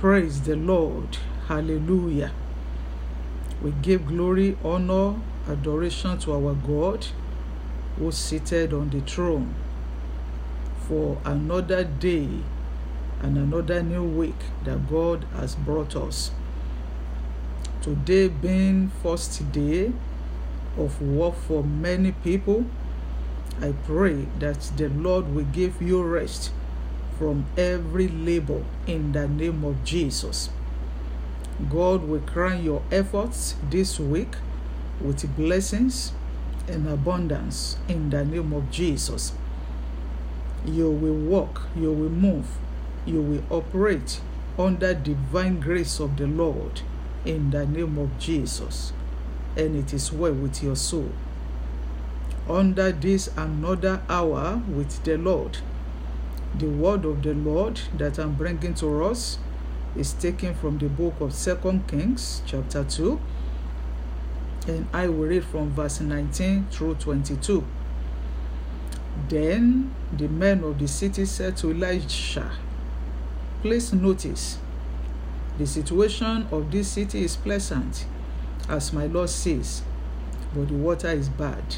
Praise the Lord. Hallelujah. We give glory, honor, adoration to our God who seated on the throne for another day and another new week that God has brought us. Today being first day of work for many people, I pray that the Lord will give you rest from every labor in the name of Jesus. God will crown your efforts this week with blessings and abundance in the name of Jesus. You will walk, you will move, you will operate under divine grace of the Lord in the name of Jesus. And it is well with your soul. Under this another hour with the Lord the word of the Lord that I'm bringing to us is taken from the book of Second Kings, chapter 2. And I will read from verse 19 through 22. Then the men of the city said to Elisha, Please notice, the situation of this city is pleasant, as my Lord says, but the water is bad,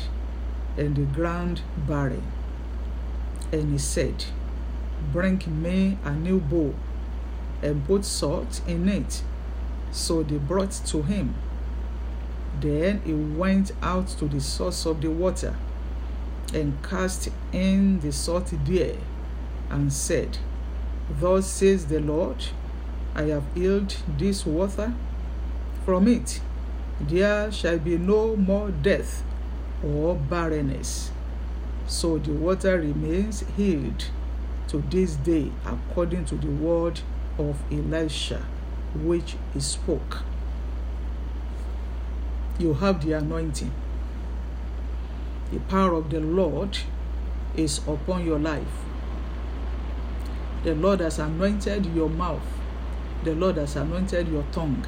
and the ground barren. And he said, bring me a new bowl, and put salt in it. So they brought to him. Then he went out to the source of the water and cast in the salt there and said, Thus says the Lord, I have healed this water. From it there shall be no more death or barrenness. So the water remains healed to this day according to the word of Elisha which he spoke. You have the anointing. The power of the Lord is upon your life. The Lord has anointed your mouth. The Lord has anointed your tongue.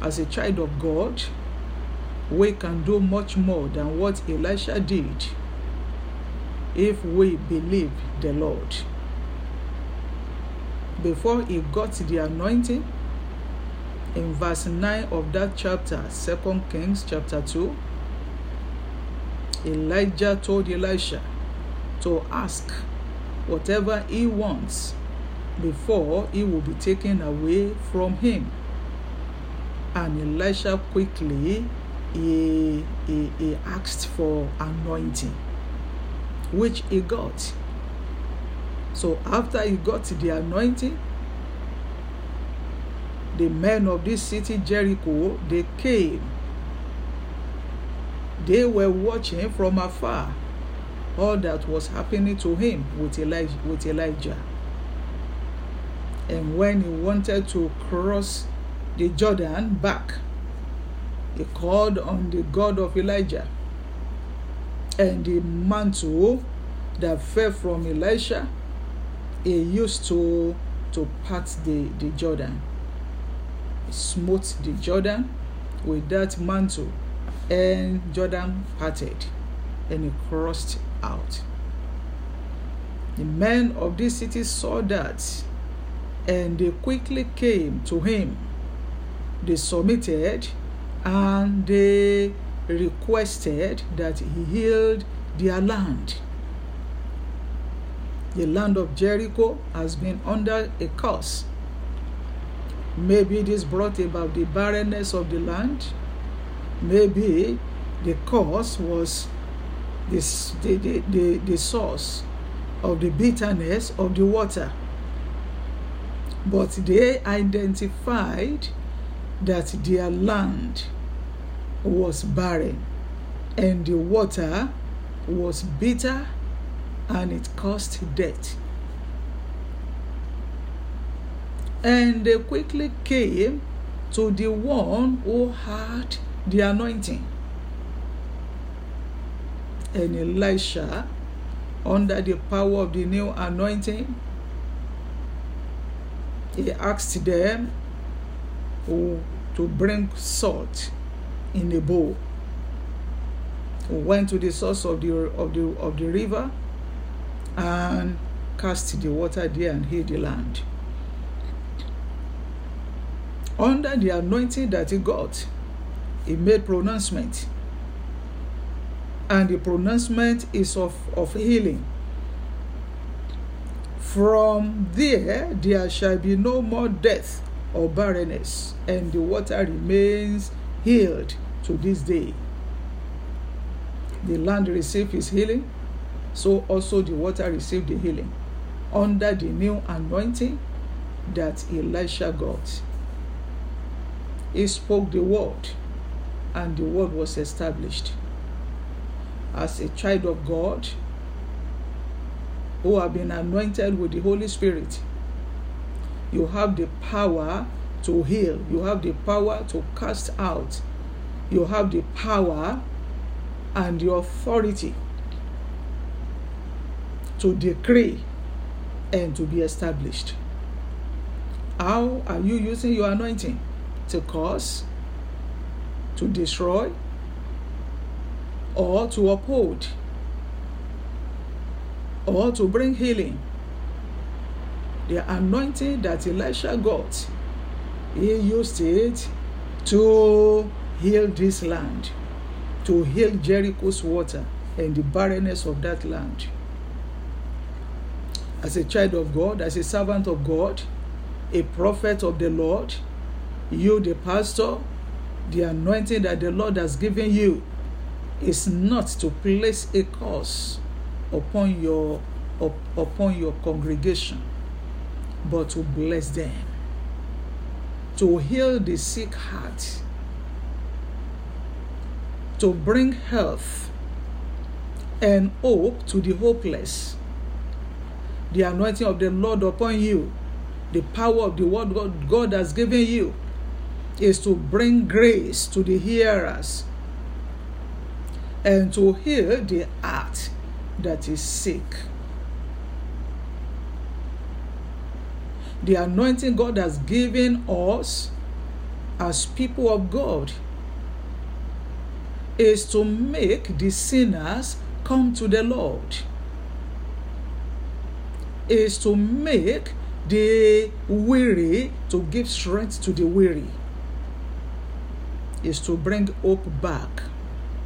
As a child of God, we can do much more than what Elisha did if we believe the Lord. Before he got the anointing, in verse 9 of that chapter, 2 Kings chapter 2, Elijah told Elisha to ask whatever he wants before he will be taken away from him. And Elisha quickly he, he, he asked for anointing. which he got. So after he got the anointing, the men of this city, Jericho, they came. They were watching from afar all that was happening to him with Elijah. With Elijah. And when he wanted to cross the Jordan back, he called on the God of Elijah and the mantle that fell from Elisha, he used to, to part the, the Jordan. He smote the Jordan with that mantle, and Jordan parted, and he crossed out. The men of this city saw that, and they quickly came to him. They submitted, and they requested that he healed their land. The land of Jericho has been under a curse. Maybe this brought about the barrenness of the land. Maybe the cause was this, the, the, the, the source of the bitterness of the water. But they identified that their land was barren, and the water was bitter, and it caused death. And they quickly came to the one who had the anointing. And Elisha, under the power of the new anointing, he asked them to bring salt in a bowl. went to the source of the of the of the river and cast the water there and healed the land. Under the anointing that he got, he made pronouncement. And the pronouncement is of, of healing. From there, there shall be no more death or barrenness, and the water remains healed to this day. The land received his healing, so also the water received the healing under the new anointing that Elisha got. He spoke the word, and the word was established. As a child of God, who have been anointed with the Holy Spirit, you have the power to heal, you have the power to cast out, you have the power and the authority to decree and to be established. How are you using your anointing? To cause, to destroy, or to uphold, or to bring healing. The anointing that Elisha got he used it to heal this land, to heal Jericho's water and the barrenness of that land. As a child of God, as a servant of God, a prophet of the Lord, you, the pastor, the anointing that the Lord has given you is not to place a curse upon your up, upon your congregation, but to bless them. to heal the sick heart, to bring health and hope to the hopeless. The anointing of the Lord upon you, the power of the word God, God has given you, is to bring grace to the hearers and to heal the heart that is sick. the anointing God has given us as people of God is to make the sinners come to the Lord, is to make the weary to give strength to the weary, is to bring hope back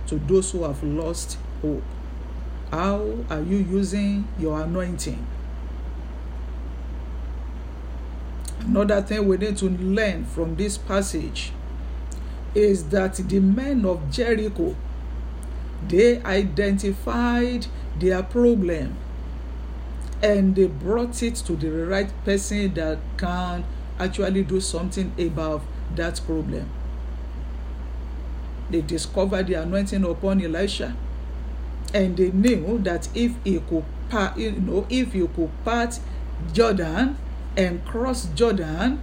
to those who have lost hope. How are you using your anointing? Another thing we need to learn from this passage is that the men of Jericho they identified their problem and they brought it to the right person that can actually do something about that problem. They discovered the anointing upon Elisha and they knew that if he could part, you know, if he could part Jordan, and cross Jordan,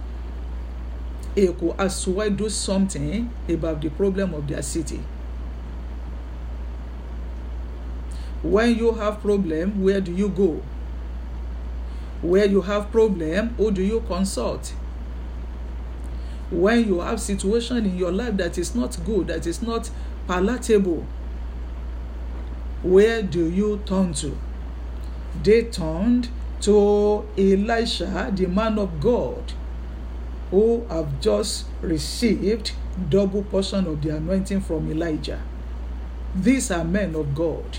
he as well do something about the problem of their city. When you have problem, where do you go? Where you have problem, who do you consult? When you have situation in your life that is not good, that is not palatable, where do you turn to? They turned to Elisha, the man of God, who have just received double portion of the anointing from Elijah. These are men of God.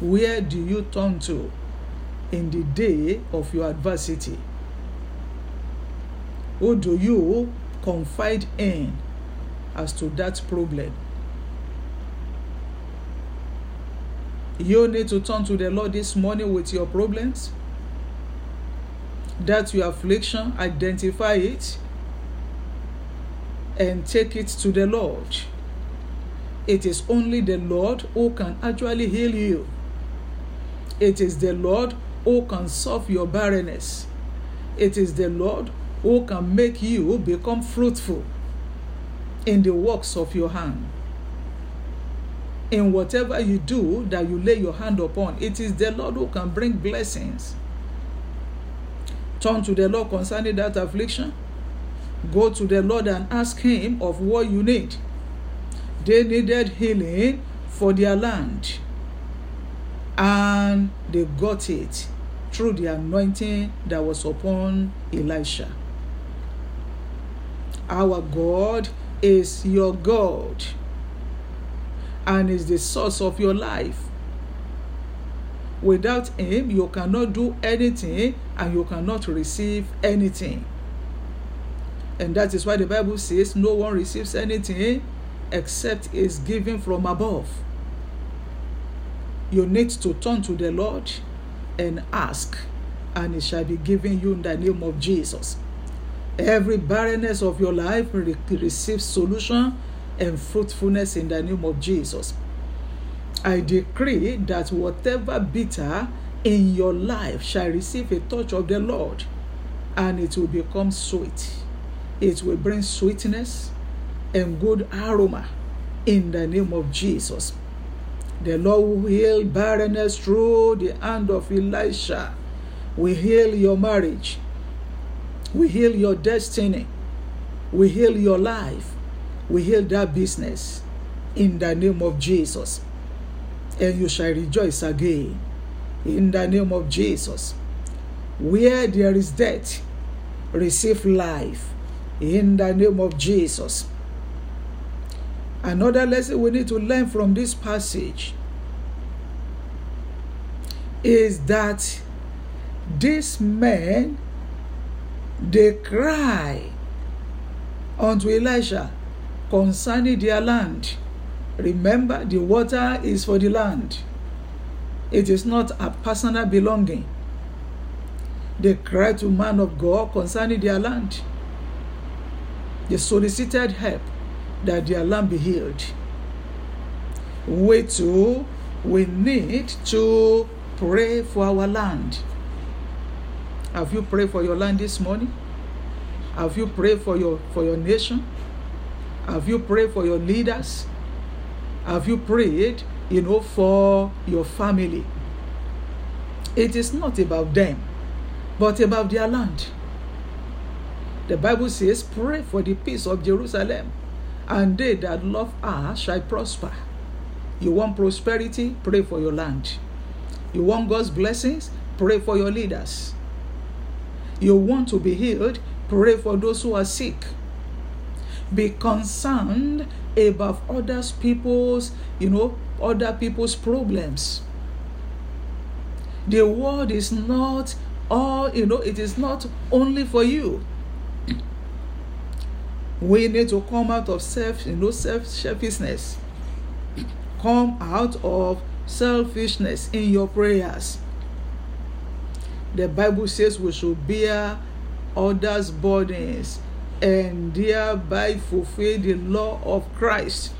Where do you turn to in the day of your adversity? Who do you confide in as to that problem? You need to turn to the Lord this morning with your problems. That's your affliction. Identify it and take it to the Lord. It is only the Lord who can actually heal you. It is the Lord who can solve your barrenness. It is the Lord who can make you become fruitful in the works of your hand. in whatever you do that you lay your hand upon. It is the Lord who can bring blessings. Turn to the Lord concerning that affliction. Go to the Lord and ask Him of what you need. They needed healing for their land, and they got it through the anointing that was upon Elisha. Our God is your God and is the source of your life. Without Him, you cannot do anything and you cannot receive anything. And that is why the Bible says no one receives anything except is given from above. You need to turn to the Lord and ask, and it shall be given you in the name of Jesus. Every barrenness of your life receives solution and fruitfulness in the name of Jesus. I decree that whatever bitter in your life shall receive a touch of the Lord and it will become sweet. It will bring sweetness and good aroma in the name of Jesus. The Lord will heal barrenness through the hand of Elisha. We heal your marriage. We heal your destiny. We heal your life we heal that business in the name of Jesus. And you shall rejoice again in the name of Jesus. Where there is death, receive life in the name of Jesus. Another lesson we need to learn from this passage is that this man, they cry unto Elijah concerning their land. Remember, the water is for the land, it is not a personal belonging. They cried to man of God concerning their land. They solicited help that their land be healed. We too, we need to pray for our land. Have you prayed for your land this morning? Have you prayed for your for your nation? Have you prayed for your leaders? Have you prayed, you know, for your family? It is not about them, but about their land. The Bible says, Pray for the peace of Jerusalem, and they that love her shall prosper. You want prosperity? Pray for your land. You want God's blessings? Pray for your leaders. You want to be healed? Pray for those who are sick be concerned about other people's, you know, other people's problems. The world is not all, you know, it is not only for you. We need to come out of self, you know, self selfishness. Come out of selfishness in your prayers. The Bible says we should bear others' burdens and thereby fulfill the law of Christ.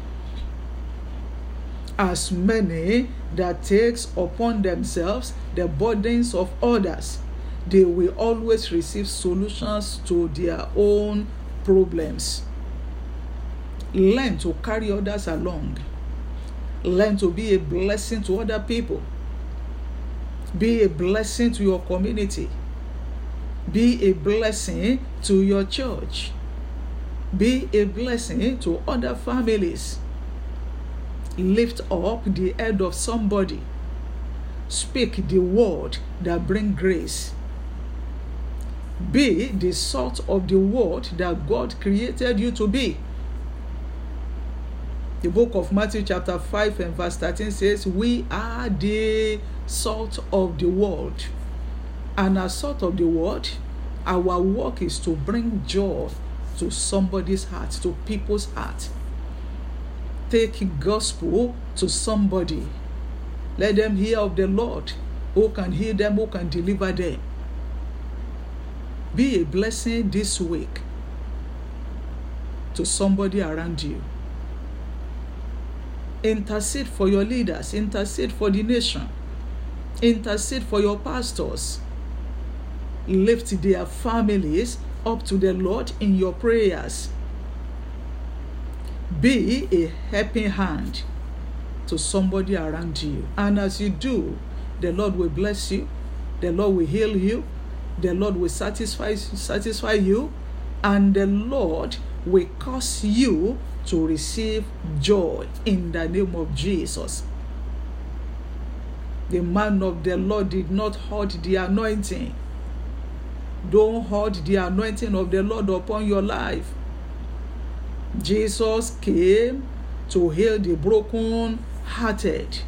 As many that takes upon themselves the burdens of others, they will always receive solutions to their own problems. Learn to carry others along. Learn to be a blessing to other people. Be a blessing to your community. Be a blessing to your church. Be a blessing to other families. Lift up the head of somebody. Speak the word that bring grace. Be the salt of the world that God created you to be. The book of Matthew, chapter 5, and verse 13 says, We are the salt of the world. And as sort of the word, our work is to bring joy to somebody's heart, to people's heart. Take gospel to somebody. Let them hear of the Lord. Who can heal them? Who can deliver them? Be a blessing this week to somebody around you. Intercede for your leaders, intercede for the nation, intercede for your pastors, lift their families up to the Lord in your prayers. Be a helping hand to somebody around you. And as you do, the Lord will bless you, the Lord will heal you, the Lord will satisfy, satisfy you, and the Lord will cause you to receive joy in the name of Jesus. The man of the Lord did not hold the anointing Don't hold the anointing of the Lord upon your life. Jesus came to heal the broken hearted.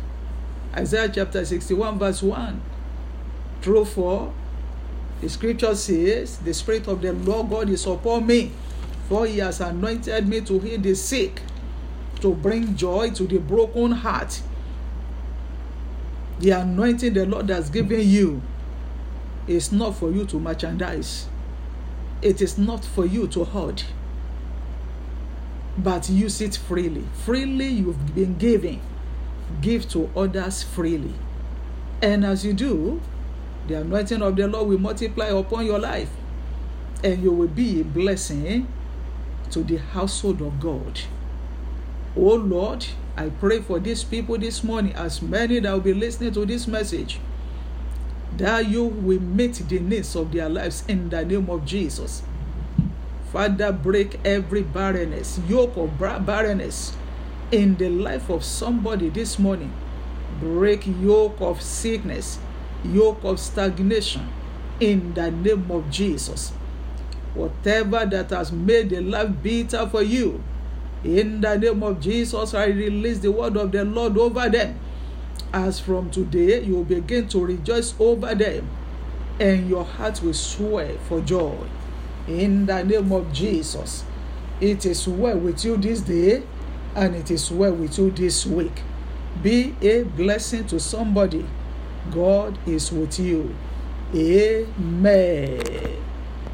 Isaiah chapter sixty-one, verse one. through 4. The scripture says, The Spirit of the Lord God is upon me, for he has anointed me to heal the sick, to bring joy to the broken heart. The anointing the Lord has given you is not for you to merchandise, it is not for you to hoard, but use it freely. Freely, you've been giving, give to others freely. And as you do, the anointing of the Lord will multiply upon your life, and you will be a blessing to the household of God. Oh Lord, I pray for these people this morning, as many that will be listening to this message that you will meet the needs of their lives in the name of Jesus. Father, break every barrenness, yoke of barrenness in the life of somebody this morning. Break yoke of sickness, yoke of stagnation in the name of Jesus. Whatever that has made the life bitter for you, in the name of Jesus, I release the word of the Lord over them as from today, you will begin to rejoice over them, and your heart will swell for joy. In the name of Jesus, it is well with you this day, and it is well with you this week. Be a blessing to somebody. God is with you. Amen.